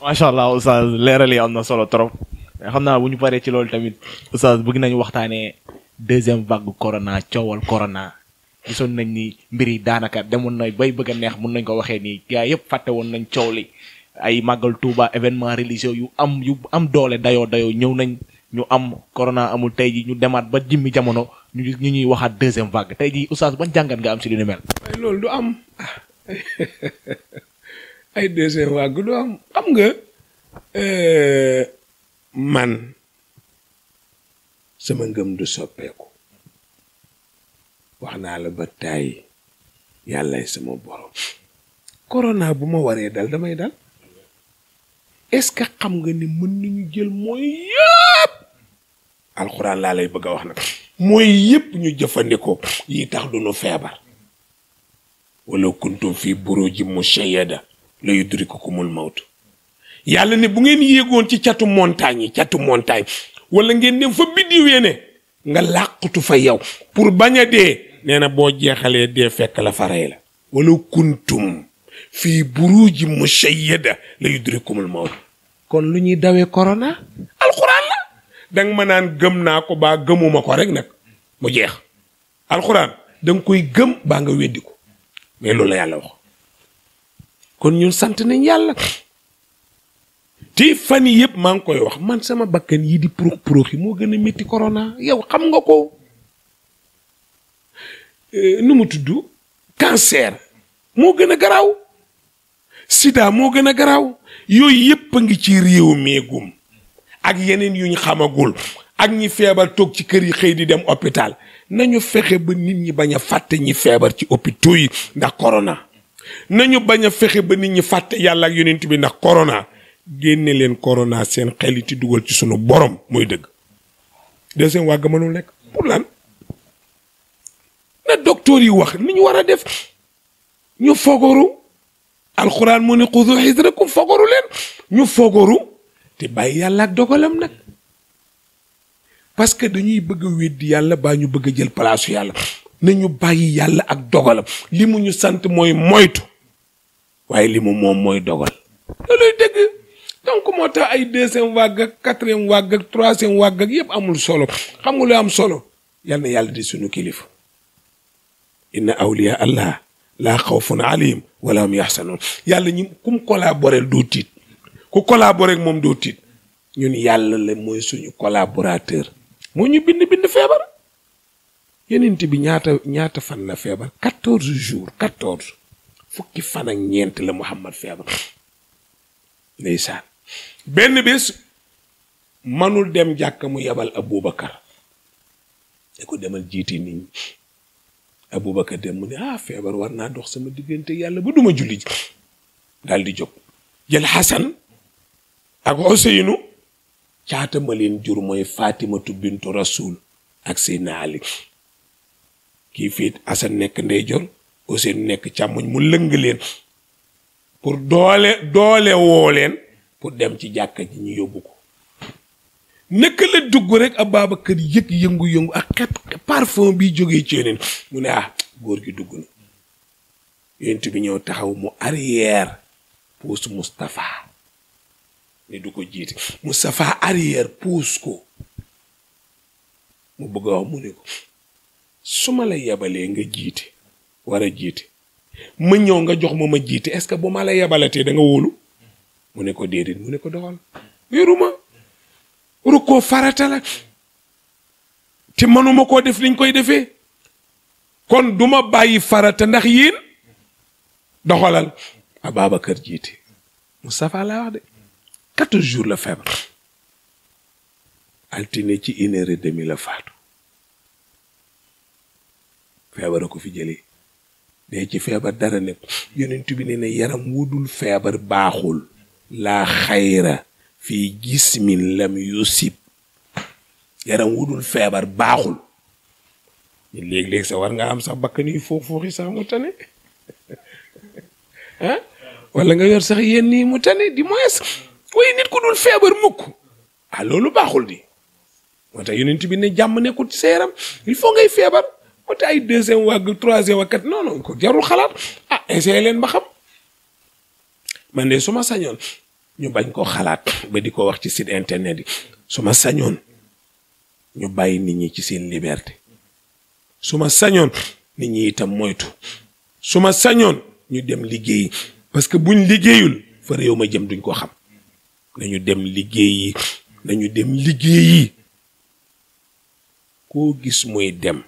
macha allah oustaz leeral yi am na solo trop xam naa bu ñu paree ci loolu tamit oustaz bëgg nañu waxtaanee deuxième vague corona coowal corona gisoon nañ ni mbir yi daanaka demoon na bay bëgg a neex mun nañ ko waxee nii gars yëpp fàtte woon nañ coow li ay màggal Touba événement religieux yu am yu am doole dayoo dayoo ñëw nañ ñu am corona amul tey ji ñu demaat ba jimmi jamono ñu ñu ñuy waxaat deuxième vague tey ji oustaz ban jàngat nga am si li ni loolu du am. ay deuxième vague du xam nga euh, man sama ngëm du soppeeku wax naa la ba tàyyi yàllay sama borom corona bu ma waree dal damay dal est-ce que xam nga ni mën nañu jël mooy yëpp alxuraan laa lay bëgg a wax na mooy yëpp ñu jëfandikoo yi tax du nu feebar wala kuntum fii buruji mushayyada la yudrikukumul mawtu yàlla ne bu ngeen yéegoon ci catu montagne yi catu montagne wala ngeen dem fa biddiw yee ne nga làqutu fa yow pour bañ a dee nee na boo jeexalee dee fekk la fa rey la wala kuntum fii buruji mushayyada la yudrikumul mawt kon lu ñuy dawee korona alxuraan la danga ma naan gëm naa ko baa gëmuma ko rek nag mu jeex alxuraan danga koy gëm baa nga weddi ko mais loolu la yàlla wax kon ñun sant nañ yàlla te fan yi yëpp maa ngi koy wax man sama bakkan yi di purux purux yi moo gën a métti korona yow xam nga ko eh, nu mu tudd cancer moo gën a garaaw sida moo gën a garaaw yooyu yëpp a ngi ci réew meegum ak yeneen yu ñu xamagul ak ñi feebar toog ci kër yi xëy di dem hôpital nañu fexe ba nit ñi bañ a fàtte ñi feebar ci hôpitaux yi ndax corona. nañu bañ a fexe ba nit ñi fàtte yàlla ak yonent bi ndax corona génne leen corona seen xel yi ci dugal ci sunu borom mooy dëgg. deuxième wàgg mënul nekk pour lan na docteur yi wax ni ñu war a def ñu fogoru alxuraan mu ne xudu xisrakum fogoru leen ñu fogoru te bàyyi yàlla dogalam nag parce que dañuy bëgg a yàlla baa ñu bëgg jël palaasu yàlla. ñu bàyyi yàlla ak dogalam li mu ñu sant mooy moytu waaye li mu moom mooy dogal looluy dëgg donc moo tax ay deuxième vague ak quatrième vague ak troisième vague ak yëpp amul solo xam nga lu am solo yal yàlla di suñu kilifa inna awliya allah laa xawfun alayhim wala hum yaxsanoon yàlla ñi kum collaborel doo tiit ku collaboré moom doo tiit ñun yàlla la mooy suñu collaborateur moo ñu bind bind feebar yenent bi ñaata ñaata fan la feebar quatorze jours quatorze fukki fan ñeent la Muhammad feebar ndeysaan benn bés manul dem jàkka mu yebal Aboubacar da ko demal jiiti nit ñi Aboubacar dem mu ne ah feebar war naa dox sama diggante yàlla ba duma julli ji daal di jóg jël Xasan ak Ousseynou caata ma leen jur mooy Fatimatu bintu Rasul ak Seydina Ali kii fiit Assane nekk ndeyjoor Ousseynou nekk càmmoñ mu lëng leen pour doole doole woo leen pour dem ci jàkka ji ñu yóbbu ko naka la dugg rek Ababacar yëg yëngu-yëngu ak xet parfum bi jógee ci yeneen mu ne ah góor gi dugg na yonent bi ñëw taxaw mu arrière pousse Moustapha ne du ko jiite Moustapha arrière pousse ko mu bëgg a wax ko su ma la yebalee nga jiite war a jiite ma ñëw nga jox ma ma jiite est-ce que bu ma la yebalatee da nga wóolu mu ne ko déedéet mu ne ko doxal wéruma rukkoo farata la te mënuma koo def liñ koy defee kon duma bàyyi farata ndax yéen doxalal Ababacar jiite Moustapha laa wax de quatorze jours la feebar altine ci une heure et la faatu feebar a ko fi jëlee dee ci feebar dara nekk yonent bi ne ne yaram dul feebar baaxul laa xayra fii jismin lam yusib yaram wudul feebar baaxul ñu léeg-léeg sa war nga am sax bakkan yu foox fooxi sax mu tane walla nga yor sax yenn yi mu tane di moins waaye nit ku dul feebar mukk ah loolu baaxul di moo tax yonent bi ne jàmm nekkul ci sa yaram il faut ngay feebar côté ay deuxième wàgg troisième wàgg kat ko jarul xalaat ah essayé leen ba xam man de su ma sañoon ñu bañ koo xalaat ba di ko wax ci site internet yi su ma sañoon ñu bàyyi nit ñi ci seen liberté suma sañoon nit ñi itam moytu su ma sañoon ñu dem liggéeyi parce que buñ liggéeyul fa réew ma jëm duñ ko xam ñu dem liggéeyi nañu dem liggéeyi koo gis muy dem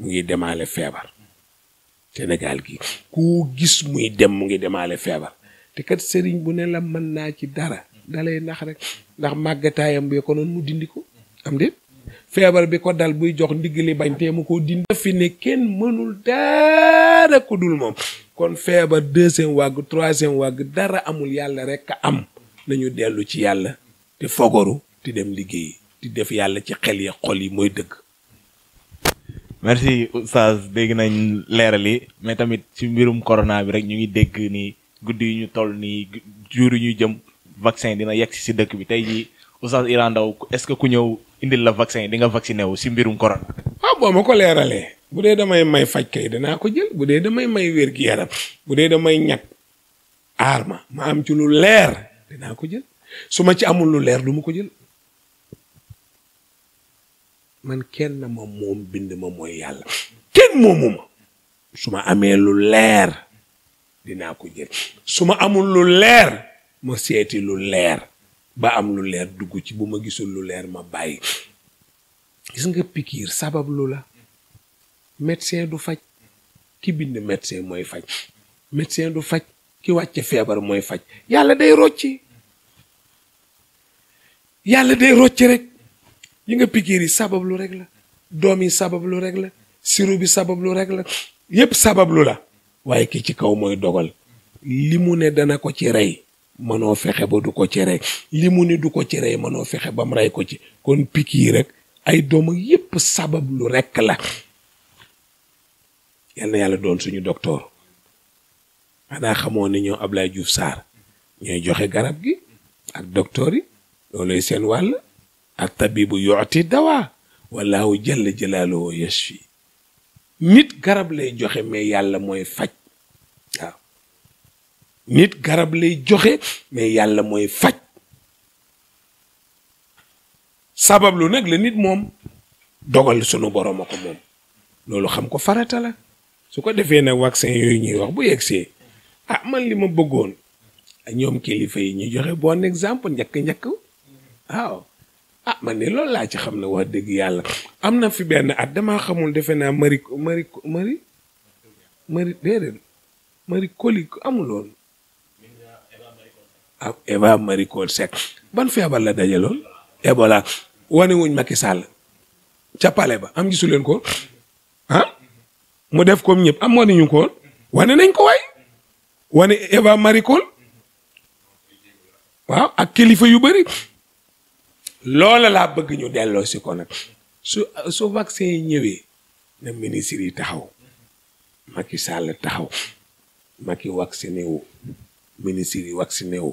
mu ngi demaale feebar senegaal gi koo gis muy dem mu ngi demaale feebar te kat sëriñ bu ne la mën naa ci dara dalay nax rek ndax màggataayam bee ko mu dindi ko am déet feebar bi ko dal buy jox ndigg li bañ tee mu ko dindi fi ne kenn mënul dara dul moom kon feebar deuxième wàgg troisième wàgg dara amul yàlla rek am nañu dellu ci yàlla te fogoru te dem liggéey di def yàlla ci xel ya xol yi mooy dëkk merci oustaz dégg nañ leerale yi mais tamit si mbirum corona bi rek ñu ngi dégg nii guddi yu ñu toll nii jur ñu jëm vaccin dina yegg si dëkk bi tey jii oustaz Iran Ndao est-ce que ku ñëw indi la vaccin di nga vacciné wu si mbirum corona. ah boo ma ko leeralee. bu dee damay may faj kay danaa ko jël bu dee damay may wér gi yaram bu dee damay ñag aar ma ma am ci lu leer dinaa ko jël su ma ci amul lu leer du ma ko jël man kenn ma moom bind ma mooy yàlla kenn moomu ma su ma amee lu leer dinaa ko jël su ma amul lu leer ma seeti lu leer ba am lu leer dugg ci bu ma gisul lu leer ma bàyyi gis nga pikiir sabab lu la médecin du faj ki bind médecin mooy faj médecin du faj ki wàcce feebar mooy faj yàlla day rocci yàlla day rocci rek ñu nga pikiir yi sabab lu rek la doom yi sabab lu rek la siru bi sabab lu rek la yépp sabab lu la waaye ki ci kaw mooy dogal li mu ne dana ko ci rey mënoo fexe ba du ko ci rey li mu ne du ko ci rey mënoo fexe ba mu rey ko ci kon pikiir rek ay doom ak yépp sabab lu rek la yal na yàlla doon suñu docteur xanaa xamoo ni ñoo Ablaye Diouf Sarr ñooy joxe garab gi ak docteur yi looluy seen wàll attabibu yuti dawa wallahu jalla jalaaluhu yashfi nit garab lay joxe mais yàlla mooy faj nit garab lay joxe mais yàlla mooy faj sabab lu nag la nit moom dogal sunu borom a ko moom loolu xam ko farata la su ko defee nag vaccin yooyu ñuy wax bu egsee a man li ma bëggoon ñoom kilifa yi ñu joxe bon exemple njëkk-njëkk waaw a ah, man ni loolu laa ci xam ne wax dëgg yàlla am na fi benn at damaa xamul defe naa mari mari mari mari déedéet mari coli amuloon ah Eva Marie Coll Seck ban feebar la dajaloon Ebola wane wuñ Macky Sall ca pale ba am jisuleen leen ko ah? mu def koom ñëpp am wane ñu ko wane nañ ko waay wane Eva Marie Coll waaw ak kilifa yu bëri loola laa bëgg ñu delloo si ko nag su su vaccin yi ñëwee na ministre yi taxaw Macky Sall taxaw Macky vacciné wu ministre yi vacciné wu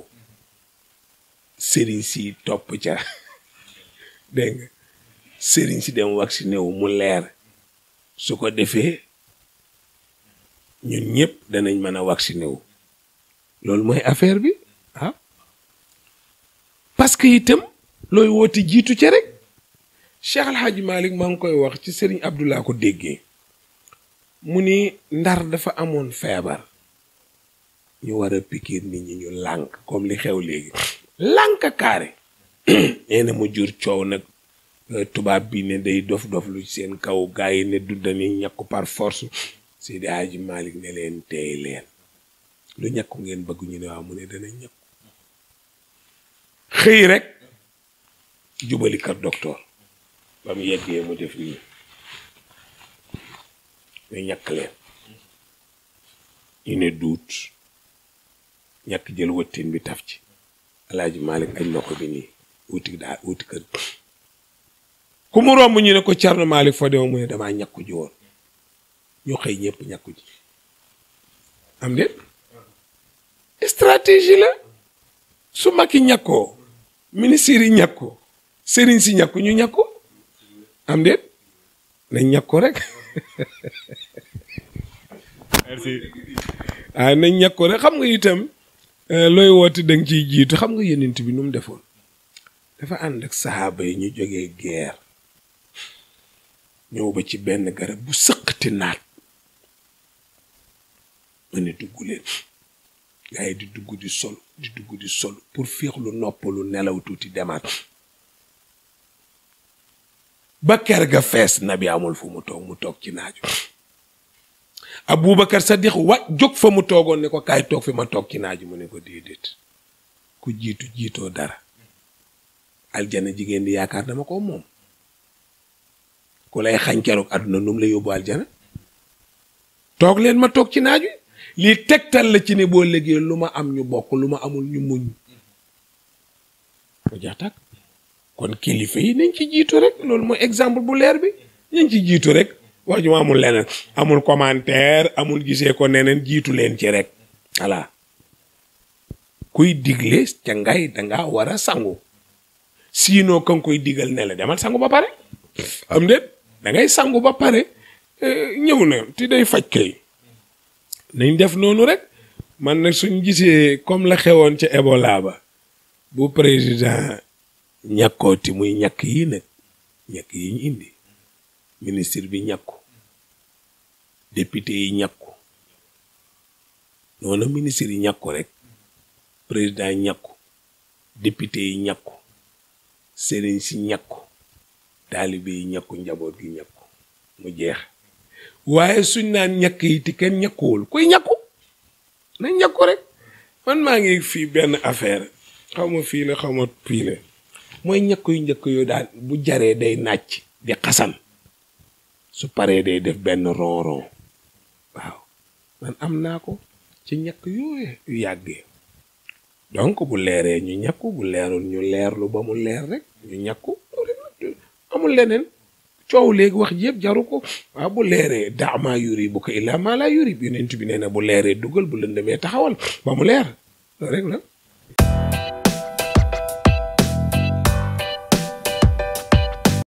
sëriñ si topp ca dégg nga sëriñ si dem vacciné wu mu leer su ko defee ñun ñëpp danañ mën a vacciné wu loolu mooy affaire bi ah parce que itam looy woote jiitu ca rek Cheikh El Hadj Malick maa ngi koy wax ci Serigne Abdou laa ko déggee mu ni ndar dafa amoon feebar ñu war a pikiir nit ñi ñu lànk kom li xew léegi lànk kaare nee mu jur coow nag euh, tubaab bi ne day dof dof lu seen kaw gaa ne du dañuy ñàkku par force Seydi Hadji Malick ne leen teey leen lu ñàkku ngeen bëgg ñu ne waaw mu ne dana ñàkku xëy rek jubali kër docteur ba mu yeggee mu def nii ñu ñàkk leen ñu ne duut ñàkk jël wëttin bi taf ci alaaji Malick añ na ko bi nii wuti kër ku mu ñu ne ko Thierno Malick foo dem mu ne damaa ñàkku ji woon ñu xëy ñëpp ñàkku ji am de stratégie la su Macky ñàkkoo ministère yi ñàkkoo sëriñ si ñàkku ñu ñàkku am déet nañ ñàkku rek xam nga itam euh, looy woote da nga ciy jiitu xam nga yenent bi nu mu deful dafa ànd ak yi ñu jógee guerre ñëw ba ci benn garab bu sëqati naat ma ne dugg leen gars yi di dugg di sol di dugg di sol pour féexlu noppalu nelaw tuuti demaat ba ker ga fees na bi amul fu mu toog mu toog ci naaju abubakar sadiq wa jóg fa mu toogoon ne ko kaay toog fi ma toog ci naaju mu ne ko déedéet ku jiitu jiitoo dara aljana jigéen di yaakaar dama ko moom ku lay xañ keroog àdduna nu la yóbbu aljana toog leen ma toog ci naaju lii tegtal la ci ne boo léegi lu ma am ñu bokk lu ma amul ñu muñ ko jax tàkk kon kilifa yi nañ ci jiitu rek loolu mooy exemple bu leer bi nañ ci jiitu rek wax ju ma amul leneen amul commentaire amul gisee ko neneen jiitu leen ci rek voilà kuy digle ca ngay danga war a sangu siinoo kan koy digal ne la demal sangu ba pare am déet da ngay sangu ba pare eh, ñëw na ti day faj kay nañ def noonu rek man nag suñ gisee comme la xewoon ca Ebola bu président ñàkkooti muy ñàkk yi nag ñàkk yi ñu indi ministre bi ñàkku député yi ñàkku noonu ministre yi ñàkku rek président yi ñàkku député yi ñàkku sëriñ si ñàkku taalibe yi ñàkku njaboot gi ñàkku mu jeex waaye suñ naan ñàkk yi ti kenn ñàkkuwul kuy ñàkku na ñàkku rek man maa ngi fii benn affaire xaw ma fii la xaw ma fii mooy ñëkk yu njëkk yooyu daan bu jaree day nàcc di xasan su paree day def benn ronron waaw man am naa ko ci ñëkk yooyu yu yàggee donc bu leeree ñu ñàkku bu leerul ñu lu ba mu leer rek ñu ñàkku amul leneen coow léegi wax ji jaru ko waaw bu leeree daamaa yuri bu ko illaa maa laa yuri yonent bi neen na bu leeree dugal bu lëndëmee taxawal ba mu leer loolu